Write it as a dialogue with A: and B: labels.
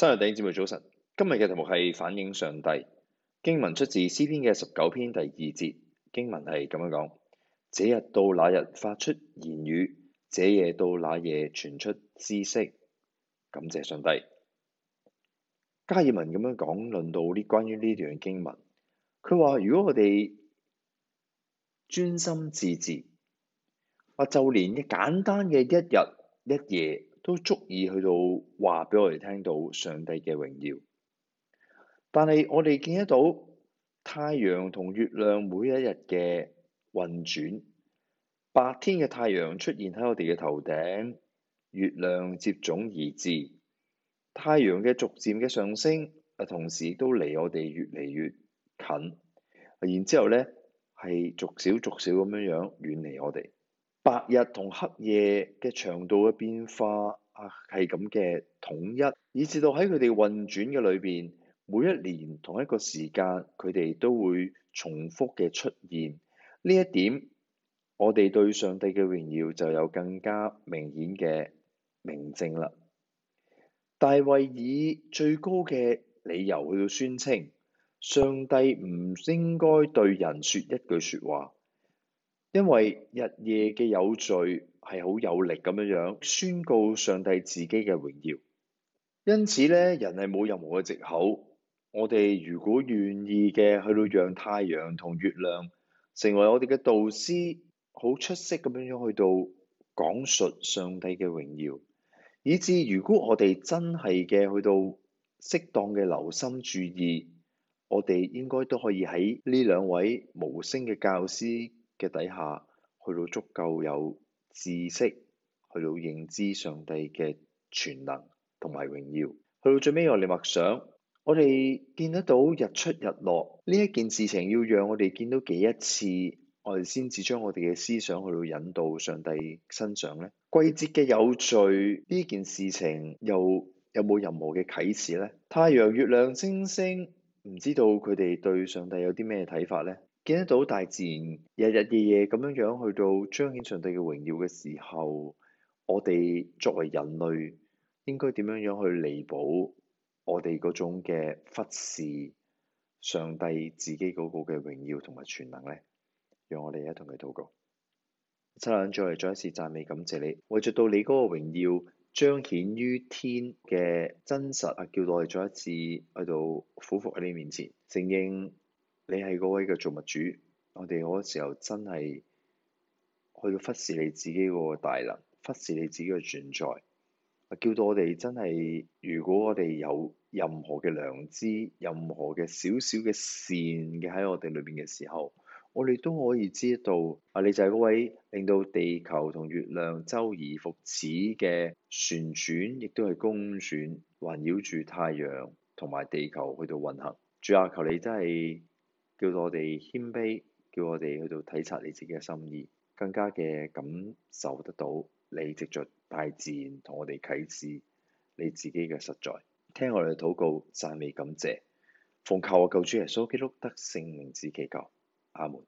A: 生日弟兄姊妹早晨，今日嘅題目係反映上帝，經文出自詩篇嘅十九篇第二節，經文係咁樣講：這日到那日發出言語，這夜到那夜傳出知識。感謝上帝，加爾文咁樣講論到呢關於呢段嘅經文，佢話如果我哋專心致志，話就連嘅簡單嘅一日一夜。都足以去到話俾我哋聽到上帝嘅榮耀，但係我哋見得到太陽同月亮每一日嘅運轉，白天嘅太陽出現喺我哋嘅頭頂，月亮接踵而至，太陽嘅逐漸嘅上升，啊，同時都離我哋越嚟越近，然之後咧係逐少逐少咁樣樣遠離我哋。白日同黑夜嘅長度嘅變化，啊，係咁嘅統一，以至到喺佢哋運轉嘅裏邊，每一年同一個時間，佢哋都會重複嘅出現。呢一點，我哋對上帝嘅榮耀就有更加明顯嘅明證啦。大衛以最高嘅理由去到宣稱，上帝唔應該對人說一句說話。因為日夜嘅有序係好有力咁樣樣宣告上帝自己嘅榮耀，因此咧，人係冇任何嘅借口。我哋如果願意嘅去到讓太陽同月亮成為我哋嘅導師，好出色咁樣樣去到講述上帝嘅榮耀，以至如果我哋真係嘅去到適當嘅留心注意，我哋應該都可以喺呢兩位無聲嘅教師。嘅底下去到足夠有知識，去到認知上帝嘅全能同埋榮耀，去到最尾我哋默想，我哋見得到日出日落呢一件事情，要讓我哋見到幾一次，我哋先至將我哋嘅思想去到引導上帝身上咧？季節嘅有序呢件事情又有冇任何嘅啟示咧？太陽、月亮、星星，唔知道佢哋對上帝有啲咩睇法咧？見得到大自然日日夜夜咁樣樣去到彰顯上帝嘅榮耀嘅時候，我哋作為人類應該點樣樣去彌補我哋嗰種嘅忽視上帝自己嗰個嘅榮耀同埋全能咧？讓我哋一同佢禱告，七兩再嚟，再一次讚美感謝你，為着到你嗰個榮耀彰顯於天嘅真實啊，叫到我哋再一次去到俯伏喺你面前正認。你係嗰位嘅造物主，我哋好多時候真係去到忽視你自己嗰個大能，忽視你自己嘅存在，叫到我哋真係，如果我哋有任何嘅良知，任何嘅少少嘅善嘅喺我哋裏面嘅時候，我哋都可以知道，啊，你就係嗰位令到地球同月亮周而復始嘅旋轉，亦都係公轉環繞住太陽同埋地球去到運行。主啊，求你真係～叫我哋謙卑，叫我哋去到體察你自己嘅心意，更加嘅感受得到你藉着大自然同我哋啟示你自己嘅實在。聽我哋禱告、讚美、感謝，奉靠我救主耶穌基督得聖名字祈求。阿門。